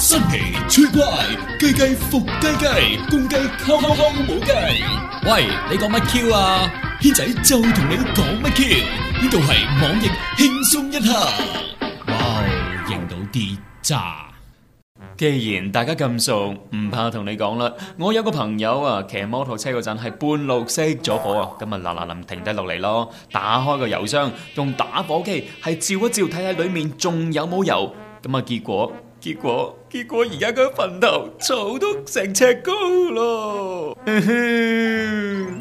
新奇趣怪，雞雞伏雞雞，公雞敲敲敲冇雞。喂，你講乜 Q 啊？軒仔就同你講乜 Q？呢度係網易輕鬆一刻。哇，wow, 認到啲咋？既然大家咁熟，唔怕同你講啦。我有個朋友啊，騎摩托車嗰陣係半路熄咗火啊，咁啊嗱嗱臨停低落嚟咯，打開個油箱，用打火機係照一照，睇下裏面仲有冇油，咁啊結果。結果，結果而家佢個墳頭草長到成尺高咯～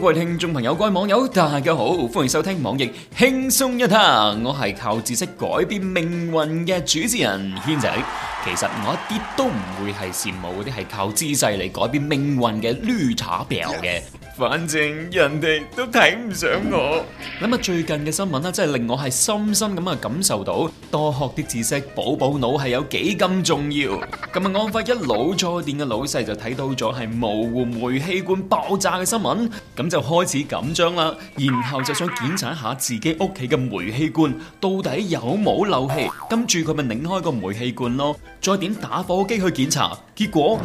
各位聽眾朋友、各位網友，大家好，歡迎收聽網易輕鬆一刻，我係靠知識改變命運嘅主持人軒仔。其實我一啲都唔會係羨慕嗰啲係靠姿勢嚟改變命運嘅綠茶婊嘅。Yes. 反正人哋都睇唔上我，諗下最近嘅新聞啦，真係令我係深深咁啊，感受到，多學啲知識，補補腦係有幾咁重要。咁啊，案發一滷菜店嘅老細就睇到咗係模糊煤氣罐爆炸嘅新聞，咁就開始緊張啦，然後就想檢查一下自己屋企嘅煤氣罐到底有冇漏氣，跟住佢咪擰開個煤氣罐咯，再點打火機去檢查，結果，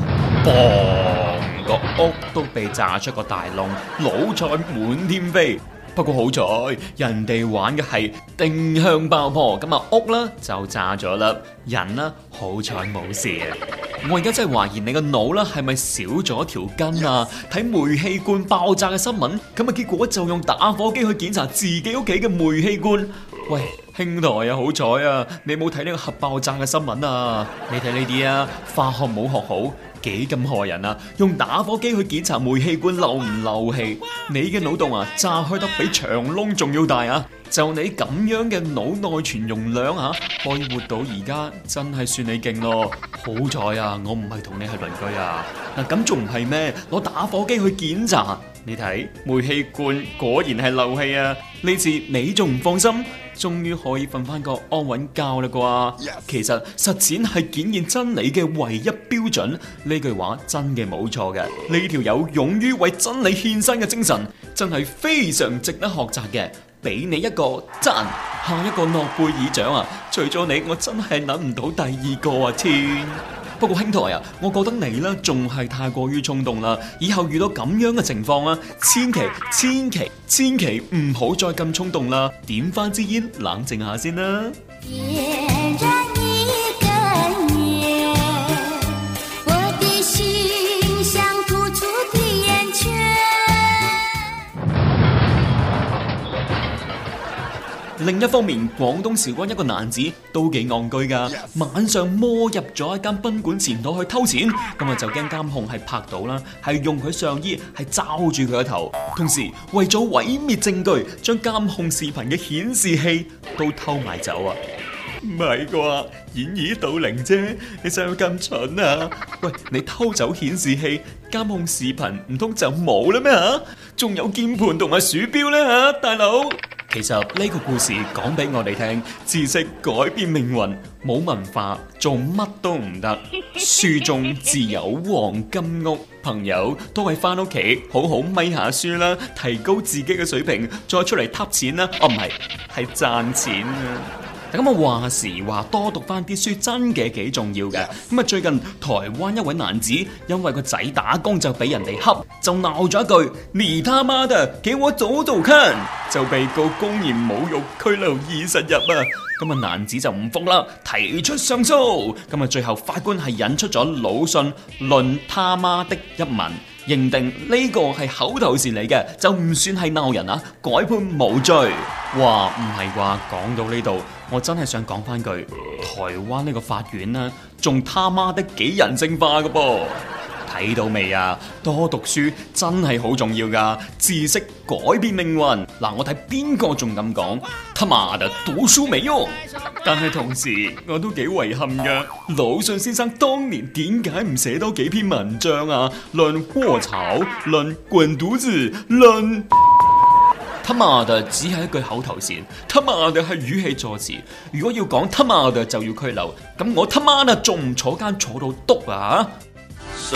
屋都被炸出個大窿，腦菜滿天飛。不過好彩，人哋玩嘅係定向爆破，咁啊屋啦就炸咗啦，人啦好彩冇事。我而家真係懷疑你個腦啦，係咪少咗條筋啊？睇煤氣罐爆炸嘅新聞，咁啊結果就用打火機去檢查自己屋企嘅煤氣罐。喂，兄台啊，好彩啊！你冇睇呢個核爆炸嘅新聞啊？你睇呢啲啊，化學冇學好。幾咁害人啊！用打火機去檢查煤氣管漏唔漏氣？你嘅腦洞啊，炸開得比長窿仲要大啊！就你咁樣嘅腦內存容量啊，可以活到而家，真係算你勁咯！好彩啊，我唔係同你係鄰居啊！嗱、啊，咁仲係咩？攞打火機去檢查？你睇煤氣罐果然係漏氣啊！呢次你仲唔放心？終於可以瞓翻個安穩覺啦啩。Yes. 其實實踐係檢驗真理嘅唯一標準，呢句話真嘅冇錯嘅。呢條友勇於為真理獻身嘅精神，真係非常值得學習嘅。俾你一個讚，下一個諾貝爾獎啊！除咗你，我真係諗唔到第二個啊！天。不過兄台啊，我覺得你呢仲係太過於衝動啦！以後遇到咁樣嘅情況啊，千祈千祈千祈唔好再咁衝動啦，點翻支煙冷靜下先啦。Yeah, yeah. 另一方面，廣東韶關一個男子都幾戇居㗎，Yes. 晚上摸入咗一間賓館前台去偷錢，咁就驚監控係拍到啦，係用佢上衣係罩住佢個頭，同時為咗毀滅證據，將監控視頻嘅顯示器都偷埋走啊！唔係啩，掩耳盜鈴啫！你真係咁蠢啊？喂，你偷走顯示器、監控視頻，唔通就冇啦咩吓？仲有鍵盤同埋鼠標咧吓，大佬。其實呢個故事講俾我哋聽，知識改變命運，冇文化做乜都唔得，書中自有黃金屋。朋友，都係翻屋企好好咪下書啦，提高自己嘅水平，再出嚟揼錢啦！哦，唔係，係賺錢啊！咁啊，話時話多讀翻啲書真嘅幾重要嘅。咁啊，最近台灣一位男子因為個仔打工就俾人哋恰，就鬧咗一句你他媽的，叫我早做坑， 就被告公然侮辱拘留二十日啊。咁啊， 男子就唔服啦，提出上訴。咁啊，最後法官係引出咗魯迅《論他媽的》一文，認定呢個係口頭禪嚟嘅，就唔算係鬧人啊，改判無罪。哇，唔係啩？講到呢度。我真係想講翻句，台灣呢個法院呢、啊，仲他媽的幾人性化噶噃、啊？睇到未啊？多讀書真係好重要噶，知識改變命運。嗱、啊，我睇邊個仲咁講？他媽的，讀書未喲？但係同時，我都幾遺憾噶，魯迅先生當年點解唔寫多幾篇文章啊？論鍋炒，論滾犢子，論。他媽的，只係一句口頭禪。他媽的係語氣助詞。如果要講他媽的就要拘留。咁我他媽啊仲唔坐監坐到篤啊？手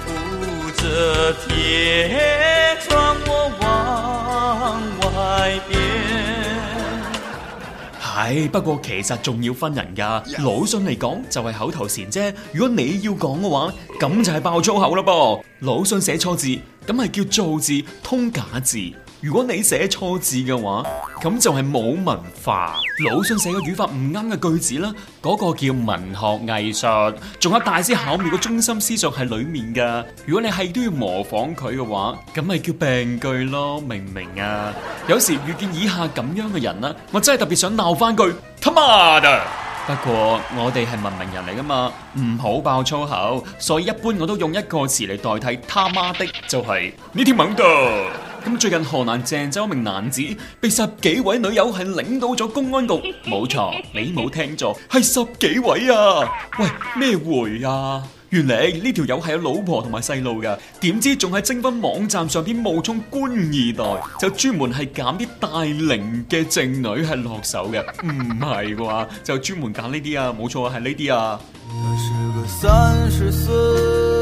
扶着鐵窗我往外邊。係不過其實仲要分人㗎。魯迅嚟講就係、是、口頭禪啫。如果你要講嘅話，咁就係爆粗口咯噃。魯迅寫錯字，咁係叫做字通假字。如果你寫錯字嘅話，咁就係冇文化。魯迅寫嘅語法唔啱嘅句子啦，嗰個叫文學藝術，仲有大師巧妙嘅中心思想喺裏面噶。如果你係都要模仿佢嘅話，咁咪叫病句咯，明唔明啊？有時遇見以下咁樣嘅人啦，我真係特別想鬧翻句他媽的。不過我哋係文明人嚟噶嘛，唔好爆粗口，所以一般我都用一個詞嚟代替他媽的，就係呢啲懵度。咁最近河南鄭州一名男子被十幾位女友係領到咗公安局，冇錯， 你冇聽錯，係十幾位啊！喂，咩回啊？原嚟呢條友係有老婆同埋細路噶，點知仲喺徵婚網站上邊冒充官二代，就專門係揀啲大齡嘅剩女係落手嘅，唔係啩？就專門揀呢啲啊，冇錯啊，係呢啲啊。三十歲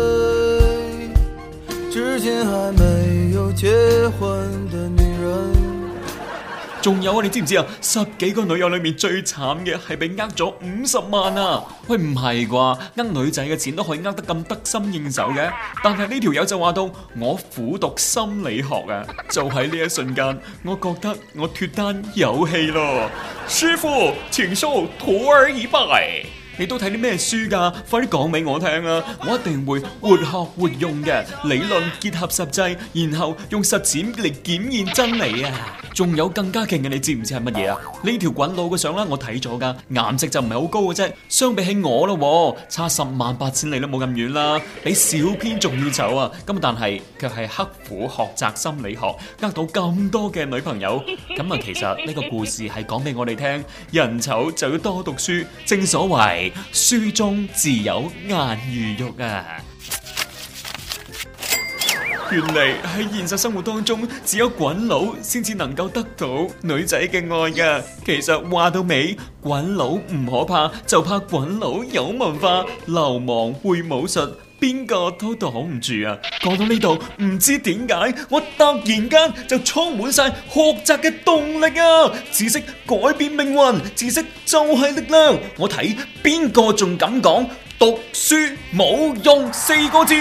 至今還沒有結婚的女人仲有啊，你知唔知啊？十幾個女友裏面最慘嘅係俾呃咗五十萬啊！喂，唔係啩？呃女仔嘅錢都可以呃得咁得心應手嘅，啊？但係呢條友就話到，我苦讀心理學啊，就喺呢一瞬間，我覺得我脫單有戲咯！師傅，請受徒兒一拜。你都睇啲咩書噶？快啲講俾我聽啊！我一定會活學活用嘅，理論結合實際，然後用實踐嚟檢驗真理啊！仲有更加勁嘅，你知唔知係乜嘢啊？呢條滾路嘅相啦，我睇咗噶，顏值就唔係好高嘅啫，相比起我咯，差十萬八千里都冇咁遠啦，比小編仲要醜啊！咁但係卻係刻苦學習心理學，呃到咁多嘅女朋友。咁啊，其實呢個故事係講俾我哋聽，人醜就要多讀書，正所謂。書中自有顏如玉啊！原來喺現實生活當中，只有滾佬先至能夠得到女仔嘅愛㗎。其實話到尾，滾佬唔可怕，就怕滾佬有文化、流氓會武術。邊個都擋唔住啊！過到呢度，唔知點解，我突然間就充滿晒學習嘅動力啊！知識改變命運，知識就係力量。我睇邊個仲敢講讀書冇用四個字。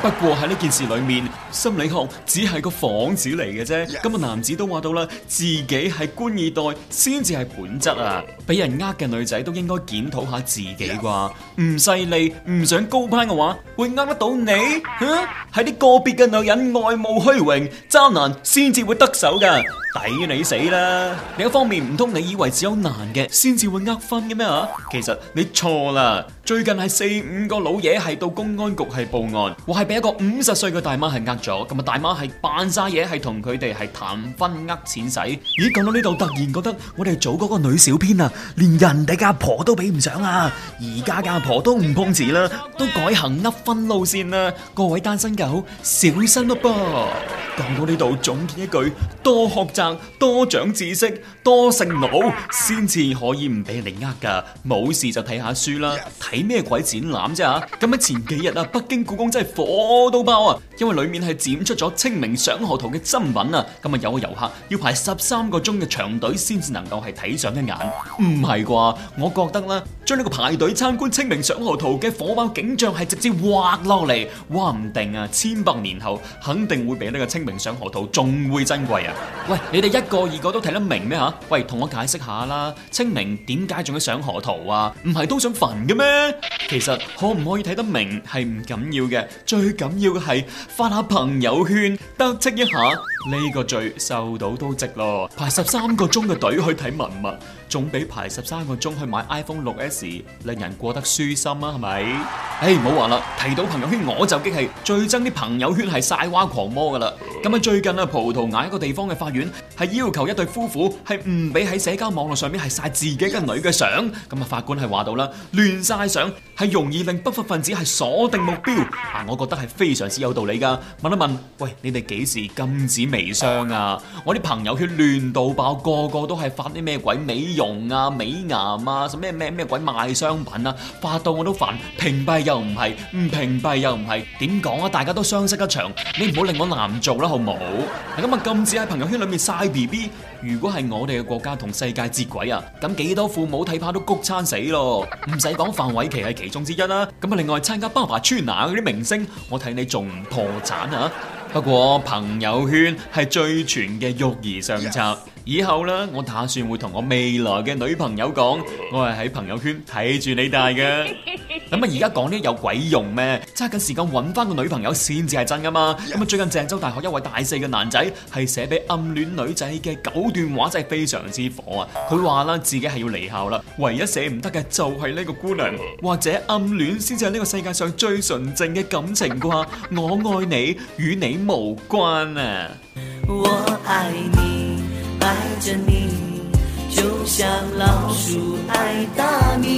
不過喺呢件事裏面，心理學只係個幌子嚟嘅啫。噉個男子都話到啦，自己係官二代先至係本質啊！俾人呃嘅女仔都應該檢討下自己啩，唔勢利，唔想高攀嘅話，會呃得到你？哼！喺啲個別嘅女人愛慕虛榮、渣男先至會得手噶，抵你死啦！另一方面，唔通你以為只有男嘅先至會呃分嘅咩啊？其實你錯啦，最近係四五個老嘢係到公安局係報案，話係。俾一個五十歲嘅大媽係呃咗，咁啊大媽係扮晒嘢，係同佢哋係談婚呃錢使。咦，講到呢度，突然覺得我哋組嗰個女小編啊，連人哋嘅阿婆都比唔上啊！而家嘅阿婆都唔碰瓷啦，都改行呃分路線啦、啊。各位單身狗，小心咯噃！講到呢度總結一句：多學習，多長知識，多食腦，先至可以唔俾你呃㗎。冇事就睇下書啦，睇咩鬼展覽啫，啊、吓？咁啊前幾日啊，北京故宮真係火。火都爆啊！因為裏面係展出咗清明上河圖嘅珍品啊，咁啊有個遊客要排十三個鐘嘅長隊先至能夠係睇上一眼，唔係啩？我覺得啦，將呢個排隊參觀清明上河圖嘅火爆景象係直接畫落嚟，話唔定啊，千百年後肯定會比呢個清明上河圖仲會珍貴啊！喂，你哋一個二個都睇得明咩吓？喂，同我解釋下啦，清明點解仲要上河圖啊？唔係都想焚嘅咩？其實可唔可以睇得明係唔緊要嘅，最。最緊要嘅係發下朋友圈，得戚一下。呢個罪受到都值咯，排十三個鐘嘅隊去睇文物，總比排十三個鐘去買 iPhone 六 S 令人過得舒心啊，係咪？誒，唔好話啦，提到朋友圈我就激氣，最憎啲朋友圈係晒娃狂魔噶啦。咁啊，最近啊，葡萄牙一個地方嘅法院係要求一對夫婦係唔俾喺社交網絡上面係晒自己嘅女嘅相。咁啊，法官係話到啦，亂晒相係容易令不法分，分子係鎖定目標。啊，我覺得係非常之有道理噶。問一問，喂，你哋幾時禁止？微商啊！我啲朋友圈亂到爆，個個都係發啲咩鬼美容啊、美顏啊，咩咩咩鬼賣商品啊，發到我都煩。屏蔽又唔係，唔屏蔽又唔係，點講啊？大家都相識一場，你唔好令我難做啦，好冇？咁啊，禁止喺朋友圈裏面晒 B B。如果係我哋嘅國家同世界接軌啊，咁幾多父母睇怕都谷餐死咯。唔使講范瑋琪係其中之一啦。咁啊，另外參加《爸爸穿哪》嗰啲明星，我睇你仲唔破產啊！不過朋友圈係最全嘅育兒相冊，Yes. 以後呢，我打算會同我未來嘅女朋友講，我係喺朋友圈睇住你大嘅。 咁啊！而家講呢有鬼用咩？揸緊時間揾翻個女朋友先至係真噶嘛！咁啊，最近鄭州大學一位大四嘅男仔係寫俾暗戀女仔嘅九段話，真係非常之火啊！佢話啦，自己係要離校啦，唯一捨唔得嘅就係呢個姑娘，或者暗戀先至係呢個世界上最純淨嘅感情啩！我愛你，與你無關啊！我愛你，愛着你，就像老鼠愛大米。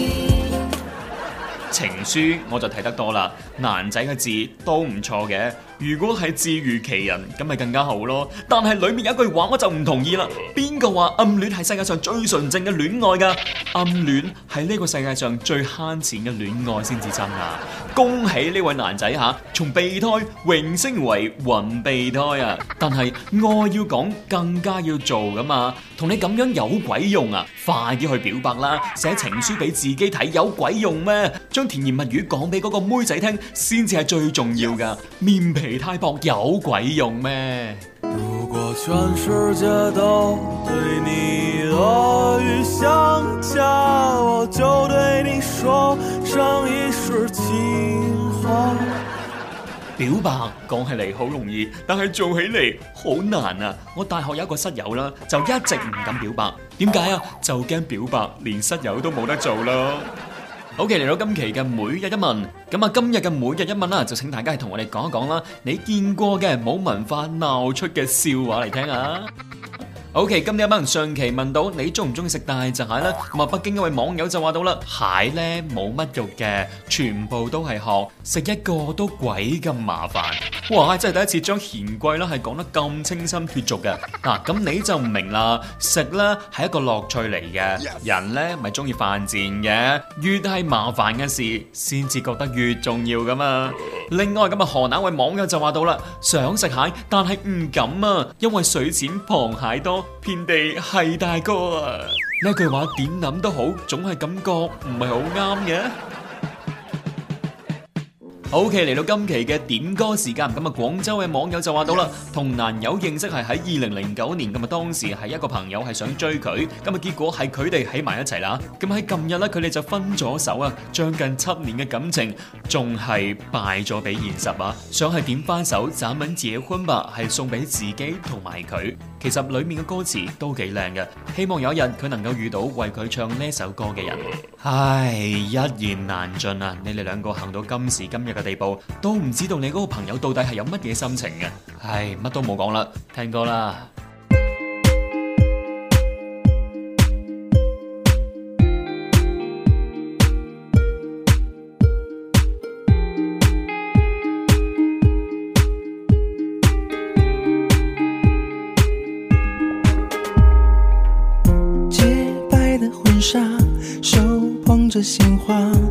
情書我就睇得多啦，男仔嘅字都唔錯嘅。如果係自如其人，咁咪更加好咯。但係裏面有一句話我就唔同意啦。邊個話暗戀係世界上最純正嘅戀愛噶？暗戀係呢個世界上最慳錢嘅戀愛先至真啊！恭喜呢位男仔吓，從備胎榮升為雲備胎啊！但係愛要講，更加要做噶嘛。同你咁樣有鬼用啊！快啲去表白啦，寫情書俾自己睇有鬼用咩？將甜言蜜語講俾嗰個妹仔聽先至係最重要噶。面皮。你太薄有鬼用咩？如果全世界都對你惡語相加，我就對你說上一句情話。表白講起嚟好容易，但係做起嚟好難啊！我大學有一個室友啦，就一直唔敢表白，點解啊？就驚表白連室友都冇得做啦。好嘅，嚟、okay，到今期嘅每日一問，咁啊，今日嘅每日一問啦，就請大家係同我哋講一講啦，你見過嘅冇文化鬧出嘅笑話嚟聽下。OK，今日有班人上期問到你中唔中意食大隻蟹咧？咁啊，北京一位網友就話到啦，蟹咧冇乜肉嘅，全部都係殼，食一個都鬼咁麻煩。哇！真係第一次將嫌貴啦，係講得咁清新脱俗嘅。嗱，咁你就唔明啦，食啦係一個樂趣嚟嘅，人咧咪中意犯賤嘅，越係麻煩嘅事先至覺得越重要噶嘛。另外咁啊，河南一位網友就話到啦，想食蟹但係唔敢啊，因為水淺螃蟹多。遍地係大哥啊！呢句話點諗都好，總係感覺唔係好啱嘅。 OK，嚟到今期嘅點歌時間，咁啊，廣州嘅網友就話到啦，同 Yes. 男友認識係喺二零零九年，咁啊，當時係一個朋友係想追佢，咁啊，結果係佢哋喺埋一齊啦。咁喺近日咧，佢哋就分咗手啊，將近七年嘅感情，仲係敗咗俾現實啊！想係點翻手斬刎自己婚吧，係送俾自己同埋佢。其實裏面嘅歌詞都幾靚嘅，希望有一日佢能夠遇到為佢唱呢首歌嘅人。唉，一言難盡啊！你哋兩個行到今時今日嘅地步，都唔知道你嗰個朋友到底係有乜嘢心情啊！唉，乜都冇講啦，聽歌啦。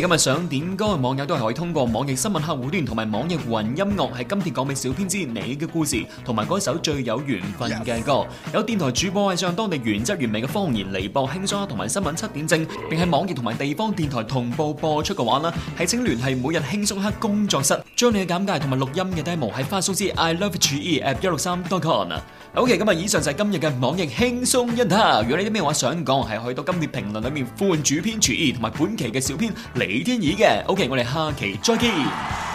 今日想點歌嘅網友都係可以通過網易新聞客戶端同埋網易雲音樂，係今貼講俾小編知你嘅故事同埋嗰首最有緣分嘅歌。有電台主播係用當地原汁原味嘅方言嚟播輕鬆黑同埋新聞七點正，並喺網易同埋地方電台同步播出嘅話呢，係請聯繫每日輕鬆黑工作室，將你嘅簡介同埋錄音嘅 demo 喺發送至 I Love G E App 一六三 dot com 啊。OK，咁以上就係今日嘅網易輕鬆一刻。如果你啲咩話想講，係可以到今貼評論裏面換主編注意同埋本期嘅小編嚟。幾天意嘅，OK，我哋下期再見。